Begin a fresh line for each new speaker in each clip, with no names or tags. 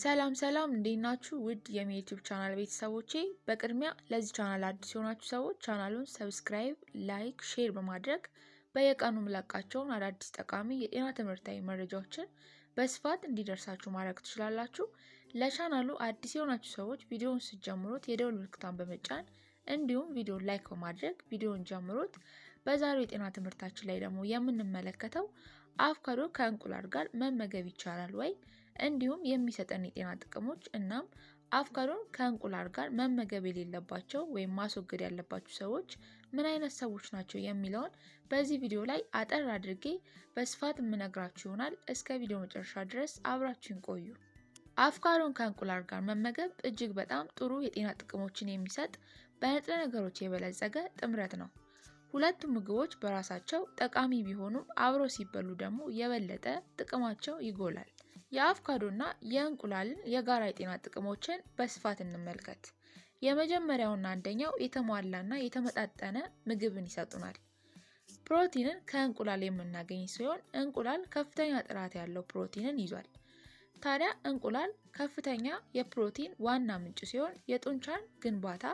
ሰላም ሰላም እንዴት ናችሁ? ውድ የዩቲዩብ ቻናል ቤተሰቦቼ፣ በቅድሚያ ለዚህ ቻናል አዲስ የሆናችሁ ሰዎች ቻናሉን ሰብስክራይብ፣ ላይክ፣ ሼር በማድረግ በየቀኑ ምለቃቸውን አዳዲስ ጠቃሚ የጤና ትምህርታዊ መረጃዎችን በስፋት እንዲደርሳችሁ ማድረግ ትችላላችሁ። ለቻናሉ አዲስ የሆናችሁ ሰዎች ቪዲዮውን ስትጀምሩት የደውል ምልክቷን በመጫን እንዲሁም ቪዲዮን ላይክ በማድረግ ቪዲዮውን ጀምሩት። በዛሬው የጤና ትምህርታችን ላይ ደግሞ የምንመለከተው አቮካዶ ከእንቁላል ጋር መመገብ ይቻላል ወይ እንዲሁም የሚሰጠን የጤና ጥቅሞች እናም አቮካዶን ከእንቁላል ጋር መመገብ የሌለባቸው ወይም ማስወገድ ያለባቸው ሰዎች ምን አይነት ሰዎች ናቸው የሚለውን በዚህ ቪዲዮ ላይ አጠር አድርጌ በስፋት የምነግራችሁ ይሆናል። እስከ ቪዲዮ መጨረሻ ድረስ አብራችሁን ቆዩ። አቮካዶን ከእንቁላል ጋር መመገብ እጅግ በጣም ጥሩ የጤና ጥቅሞችን የሚሰጥ በንጥረ ነገሮች የበለጸገ ጥምረት ነው። ሁለቱም ምግቦች በራሳቸው ጠቃሚ ቢሆኑም አብረው ሲበሉ ደግሞ የበለጠ ጥቅማቸው ይጎላል። የአቮካዶና የእንቁላልን የጋራ የጤና ጥቅሞችን በስፋት እንመልከት። የመጀመሪያውና አንደኛው የተሟላና የተመጣጠነ ምግብን ይሰጡናል። ፕሮቲንን ከእንቁላል የምናገኝ ሲሆን እንቁላል ከፍተኛ ጥራት ያለው ፕሮቲንን ይዟል። ታዲያ እንቁላል ከፍተኛ የፕሮቲን ዋና ምንጭ ሲሆን የጡንቻን ግንባታ፣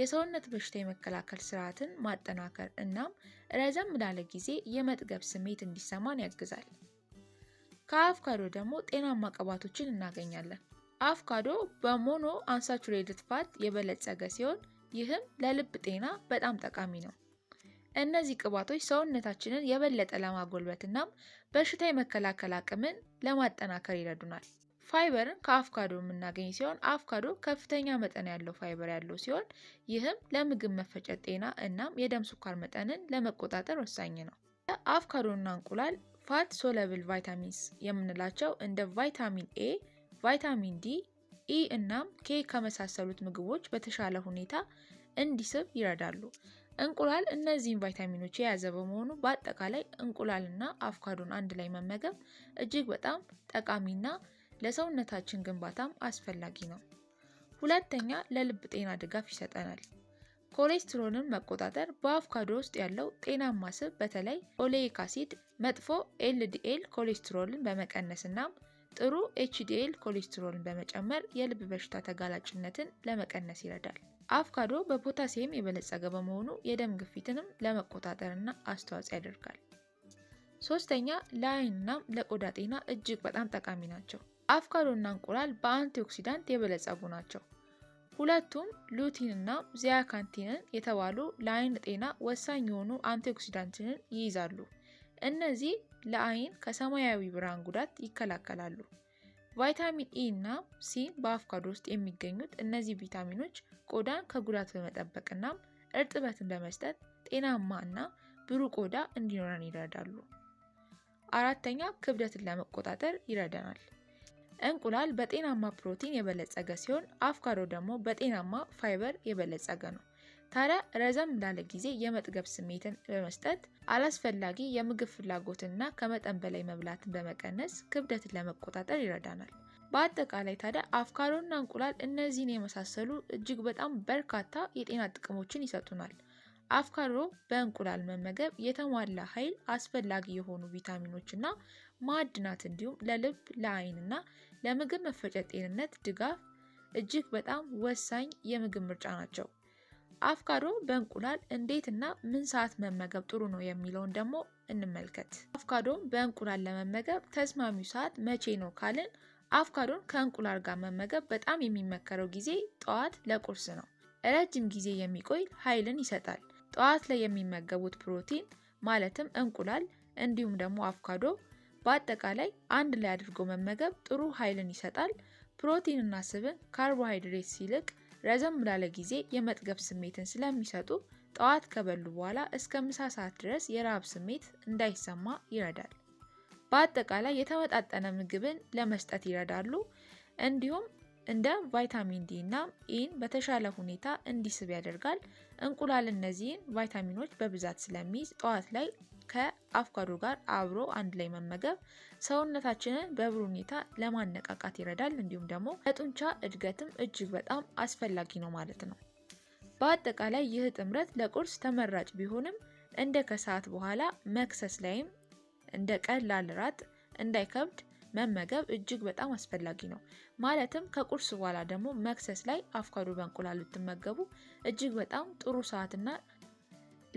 የሰውነት በሽታ የመከላከል ስርዓትን ማጠናከር እናም ረዘም ላለ ጊዜ የመጥገብ ስሜት እንዲሰማን ያግዛል። ከአቮካዶ ደግሞ ጤናማ ቅባቶችን እናገኛለን። አቮካዶ በሞኖ አንሳቹሬትድ ፋት የበለጸገ ሲሆን ይህም ለልብ ጤና በጣም ጠቃሚ ነው። እነዚህ ቅባቶች ሰውነታችንን የበለጠ ለማጎልበት እናም በሽታ የመከላከል አቅምን ለማጠናከር ይረዱናል። ፋይበርን ከአቮካዶ የምናገኝ ሲሆን አቮካዶ ከፍተኛ መጠን ያለው ፋይበር ያለው ሲሆን ይህም ለምግብ መፈጨት ጤና እናም የደም ስኳር መጠንን ለመቆጣጠር ወሳኝ ነው። አቮካዶና እንቁላል ፋት ሶለብል ቫይታሚንስ የምንላቸው እንደ ቫይታሚን ኤ፣ ቫይታሚን ዲ፣ ኢ እናም ኬ ከመሳሰሉት ምግቦች በተሻለ ሁኔታ እንዲስብ ይረዳሉ። እንቁላል እነዚህን ቫይታሚኖች የያዘ በመሆኑ በአጠቃላይ እንቁላልና አቮካዶን አንድ ላይ መመገብ እጅግ በጣም ጠቃሚና ለሰውነታችን ግንባታም አስፈላጊ ነው። ሁለተኛ ለልብ ጤና ድጋፍ ይሰጠናል። ኮሌስትሮልን መቆጣጠር በአቮካዶ ውስጥ ያለው ጤናማ ስብ በተለይ ኦሌይክ አሲድ መጥፎ ኤልዲኤል ኮሌስትሮልን በመቀነስ እና ጥሩ ኤችዲኤል ኮሌስትሮልን በመጨመር የልብ በሽታ ተጋላጭነትን ለመቀነስ ይረዳል። አቮካዶ በፖታሲየም የበለጸገ በመሆኑ የደም ግፊትንም ለመቆጣጠርና አስተዋጽኦ ያደርጋል። ሶስተኛ ለአይንና ለቆዳ ጤና እጅግ በጣም ጠቃሚ ናቸው። አቮካዶና እንቁላል በአንቲ ኦክሲዳንት የበለጸጉ ናቸው። ሁለቱም እና ዚያካንቲንን የተባሉ ለአይን ጤና ወሳኝ የሆኑ አንቲኦክሲዳንትንን ይይዛሉ። እነዚህ ለአይን ከሰማያዊ ብርሃን ጉዳት ይከላከላሉ። ቫይታሚን ኢ e እና ሲ በአቮካዶ ውስጥ የሚገኙት እነዚህ ቪታሚኖች ቆዳን ከጉዳት በመጠበቅና እርጥበትን በመስጠት ጤናማ እና ብሩህ ቆዳ እንዲኖረን ይረዳሉ። አራተኛ ክብደትን ለመቆጣጠር ይረዳናል። እንቁላል በጤናማ ፕሮቲን የበለጸገ ሲሆን አቮካዶ ደግሞ በጤናማ ፋይበር የበለጸገ ነው። ታዲያ ረዘም ላለ ጊዜ የመጥገብ ስሜትን በመስጠት አላስፈላጊ የምግብ ፍላጎትንና ከመጠን በላይ መብላትን በመቀነስ ክብደትን ለመቆጣጠር ይረዳናል። በአጠቃላይ ታዲያ አቮካዶና እንቁላል እነዚህን የመሳሰሉ እጅግ በጣም በርካታ የጤና ጥቅሞችን ይሰጡናል። አቮካዶ በእንቁላል መመገብ የተሟላ ኃይል፣ አስፈላጊ የሆኑ ቪታሚኖችና ማዕድናት እንዲሁም ለልብ ለአይንና ለምግብ መፈጨት ጤንነት ድጋፍ እጅግ በጣም ወሳኝ የምግብ ምርጫ ናቸው። አቮካዶ በእንቁላል እንዴት እና ምን ሰዓት መመገብ ጥሩ ነው የሚለውን ደግሞ እንመልከት። አቮካዶን በእንቁላል ለመመገብ ተስማሚው ሰዓት መቼ ነው ካልን አቮካዶን ከእንቁላል ጋር መመገብ በጣም የሚመከረው ጊዜ ጠዋት ለቁርስ ነው። ረጅም ጊዜ የሚቆይ ኃይልን ይሰጣል። ጠዋት ላይ የሚመገቡት ፕሮቲን ማለትም እንቁላል እንዲሁም ደግሞ አቮካዶ በአጠቃላይ አንድ ላይ አድርጎ መመገብ ጥሩ ኃይልን ይሰጣል። ፕሮቲንና ስብን ካርቦሃይድሬት ሲልቅ ረዘም ላለ ጊዜ የመጥገብ ስሜትን ስለሚሰጡ ጠዋት ከበሉ በኋላ እስከ ምሳ ሰዓት ድረስ የረሃብ ስሜት እንዳይሰማ ይረዳል። በአጠቃላይ የተመጣጠነ ምግብን ለመስጠት ይረዳሉ። እንዲሁም እንደ ቫይታሚን ዲ እና ኢን በተሻለ ሁኔታ እንዲስብ ያደርጋል። እንቁላል እነዚህን ቫይታሚኖች በብዛት ስለሚይዝ ጠዋት ላይ ከአቮካዶ ጋር አብሮ አንድ ላይ መመገብ ሰውነታችንን በብሩ ሁኔታ ለማነቃቃት ይረዳል። እንዲሁም ደግሞ ለጡንቻ እድገትም እጅግ በጣም አስፈላጊ ነው ማለት ነው። በአጠቃላይ ይህ ጥምረት ለቁርስ ተመራጭ ቢሆንም እንደ ከሰዓት በኋላ መክሰስ ላይም እንደ ቀላል ራት እንዳይከብድ መመገብ እጅግ በጣም አስፈላጊ ነው። ማለትም ከቁርስ በኋላ ደግሞ መክሰስ ላይ አቮካዶ በእንቁላል ልትመገቡ እጅግ በጣም ጥሩ ሰዓትና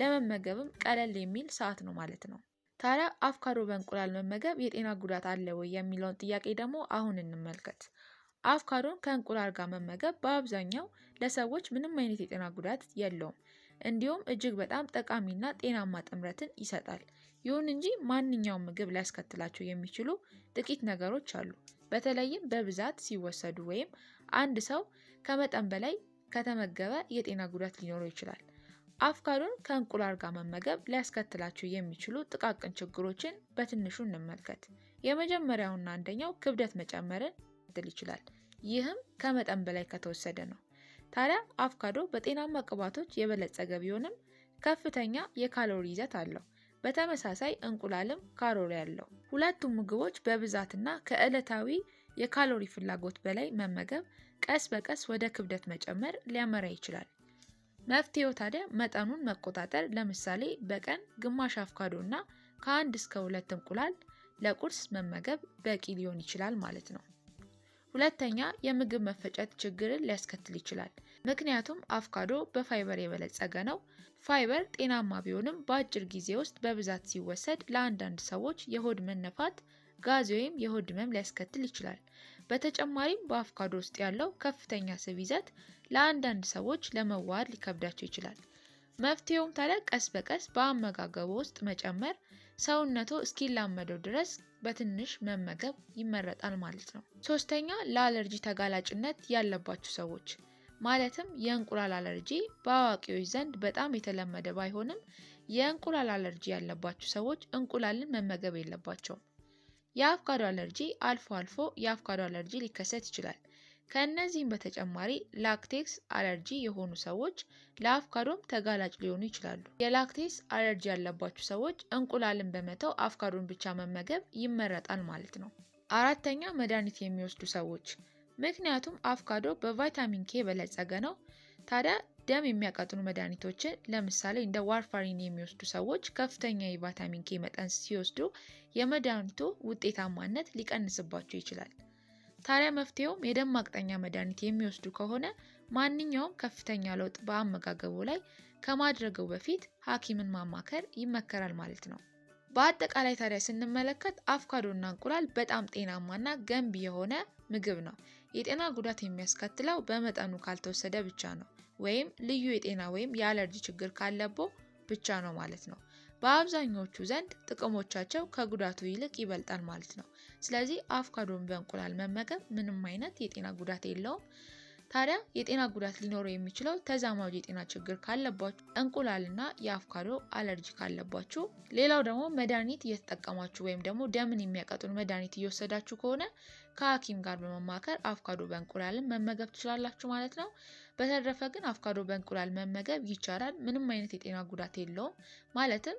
ለመመገብም ቀለል የሚል ሰዓት ነው ማለት ነው። ታዲያ አቮካዶ በእንቁላል መመገብ የጤና ጉዳት አለ ወይ የሚለውን ጥያቄ ደግሞ አሁን እንመልከት። አቮካዶን ከእንቁላል ጋር መመገብ በአብዛኛው ለሰዎች ምንም አይነት የጤና ጉዳት የለውም። እንዲሁም እጅግ በጣም ጠቃሚና ጤናማ ጥምረትን ይሰጣል። ይሁን እንጂ ማንኛውም ምግብ ሊያስከትላቸው የሚችሉ ጥቂት ነገሮች አሉ። በተለይም በብዛት ሲወሰዱ ወይም አንድ ሰው ከመጠን በላይ ከተመገበ የጤና ጉዳት ሊኖረው ይችላል። አፍካዶን ከእንቁላል ጋር መመገብ ሊያስከትላቸው የሚችሉ ጥቃቅን ችግሮችን በትንሹ እንመልከት። የመጀመሪያውና አንደኛው ክብደት መጨመርን ሊያስከትል ይችላል። ይህም ከመጠን በላይ ከተወሰደ ነው። ታዲያ አፍካዶ በጤናማ ቅባቶች የበለጸገ ቢሆንም ከፍተኛ የካሎሪ ይዘት አለው። በተመሳሳይ እንቁላልም ካሎሪ አለው። ሁለቱም ምግቦች በብዛትና ከዕለታዊ የካሎሪ ፍላጎት በላይ መመገብ ቀስ በቀስ ወደ ክብደት መጨመር ሊያመራ ይችላል። መፍትሄው ታዲያ መጠኑን መቆጣጠር፣ ለምሳሌ በቀን ግማሽ አቮካዶ እና ከአንድ እስከ ሁለት እንቁላል ለቁርስ መመገብ በቂ ሊሆን ይችላል ማለት ነው። ሁለተኛ የምግብ መፈጨት ችግርን ሊያስከትል ይችላል። ምክንያቱም አቮካዶ በፋይበር የበለጸገ ነው። ፋይበር ጤናማ ቢሆንም በአጭር ጊዜ ውስጥ በብዛት ሲወሰድ ለአንዳንድ ሰዎች የሆድ መነፋት፣ ጋዝ ወይም የሆድ ህመም ሊያስከትል ይችላል። በተጨማሪም በአቮካዶ ውስጥ ያለው ከፍተኛ ስብ ይዘት ለአንዳንድ ሰዎች ለመዋሃድ ሊከብዳቸው ይችላል። መፍትሄውም ታዲያ ቀስ በቀስ በአመጋገቡ ውስጥ መጨመር፣ ሰውነቱ እስኪላመደው ድረስ በትንሽ መመገብ ይመረጣል ማለት ነው። ሶስተኛ ለአለርጂ ተጋላጭነት ያለባቸው ሰዎች ማለትም የእንቁላል አለርጂ በአዋቂዎች ዘንድ በጣም የተለመደ ባይሆንም የእንቁላል አለርጂ ያለባቸው ሰዎች እንቁላልን መመገብ የለባቸውም። የአቮካዶ አለርጂ አልፎ አልፎ የአቮካዶ አለርጂ ሊከሰት ይችላል። ከእነዚህም በተጨማሪ ላክቴክስ አለርጂ የሆኑ ሰዎች ለአፍካዶም ተጋላጭ ሊሆኑ ይችላሉ። የላክቴክስ አለርጂ ያለባቸው ሰዎች እንቁላልን በመተው አፍካዶን ብቻ መመገብ ይመረጣል ማለት ነው። አራተኛ መድኃኒት የሚወስዱ ሰዎች፣ ምክንያቱም አፍካዶ በቫይታሚን ኬ የበለጸገ ነው። ታዲያ ደም የሚያቀጥኑ መድኃኒቶችን ለምሳሌ እንደ ዋርፋሪን የሚወስዱ ሰዎች ከፍተኛ የቫይታሚን ኬ መጠን ሲወስዱ የመድኃኒቱ ውጤታማነት ሊቀንስባቸው ይችላል። ታዲያ መፍትሄውም የደም ማቅጠኛ መድኃኒት የሚወስዱ ከሆነ ማንኛውም ከፍተኛ ለውጥ በአመጋገቡ ላይ ከማድረገው በፊት ሐኪምን ማማከር ይመከራል ማለት ነው። በአጠቃላይ ታዲያ ስንመለከት አቮካዶና እንቁላል በጣም ጤናማና ገንቢ የሆነ ምግብ ነው። የጤና ጉዳት የሚያስከትለው በመጠኑ ካልተወሰደ ብቻ ነው፣ ወይም ልዩ የጤና ወይም የአለርጂ ችግር ካለቦ ብቻ ነው ማለት ነው። በአብዛኞቹ ዘንድ ጥቅሞቻቸው ከጉዳቱ ይልቅ ይበልጣል ማለት ነው። ስለዚህ አቮካዶን በእንቁላል መመገብ ምንም አይነት የጤና ጉዳት የለውም። ታዲያ የጤና ጉዳት ሊኖረው የሚችለው ተዛማጅ የጤና ችግር ካለባችሁ እንቁላልና የአቮካዶ አለርጂ ካለባችሁ፣ ሌላው ደግሞ መድኃኒት እየተጠቀማችሁ ወይም ደግሞ ደምን የሚያቀጡን መድኃኒት እየወሰዳችሁ ከሆነ ከሐኪም ጋር በመማከር አቮካዶ በእንቁላልን መመገብ ትችላላችሁ ማለት ነው። በተረፈ ግን አቮካዶ በእንቁላል መመገብ ይቻላል። ምንም አይነት የጤና ጉዳት የለውም። ማለትም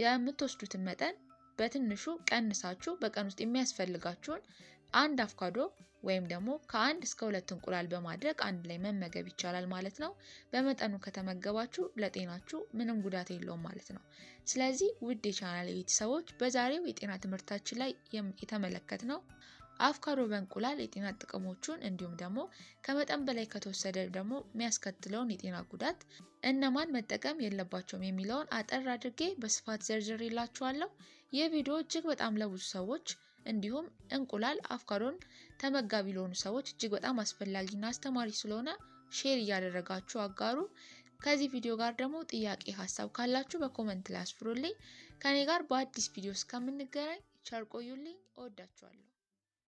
የምትወስዱትን መጠን በትንሹ ቀንሳችሁ በቀን ውስጥ የሚያስፈልጋችሁን አንድ አቮካዶ ወይም ደግሞ ከአንድ እስከ ሁለት እንቁላል በማድረግ አንድ ላይ መመገብ ይቻላል ማለት ነው። በመጠኑ ከተመገባችሁ ለጤናችሁ ምንም ጉዳት የለውም ማለት ነው። ስለዚህ ውድ የቻናል ቤተሰቦች በዛሬው የጤና ትምህርታችን ላይ የተመለከት ነው አቮካዶ በእንቁላል የጤና ጥቅሞቹን እንዲሁም ደግሞ ከመጠን በላይ ከተወሰደ ደግሞ የሚያስከትለውን የጤና ጉዳት እነማን መጠቀም የለባቸውም የሚለውን አጠር አድርጌ በስፋት ዘርዝሬላችኋለሁ። ይህ ቪዲዮ እጅግ በጣም ለብዙ ሰዎች እንዲሁም እንቁላል አቮካዶን ተመጋቢ ለሆኑ ሰዎች እጅግ በጣም አስፈላጊና አስተማሪ ስለሆነ ሼር እያደረጋችሁ አጋሩ። ከዚህ ቪዲዮ ጋር ደግሞ ጥያቄ ሀሳብ ካላችሁ በኮመንት ላይ አስፍሩልኝ። ከኔ ጋር በአዲስ ቪዲዮ እስከምንገናኝ ቸር ቆዩልኝ። እወዳችኋለሁ።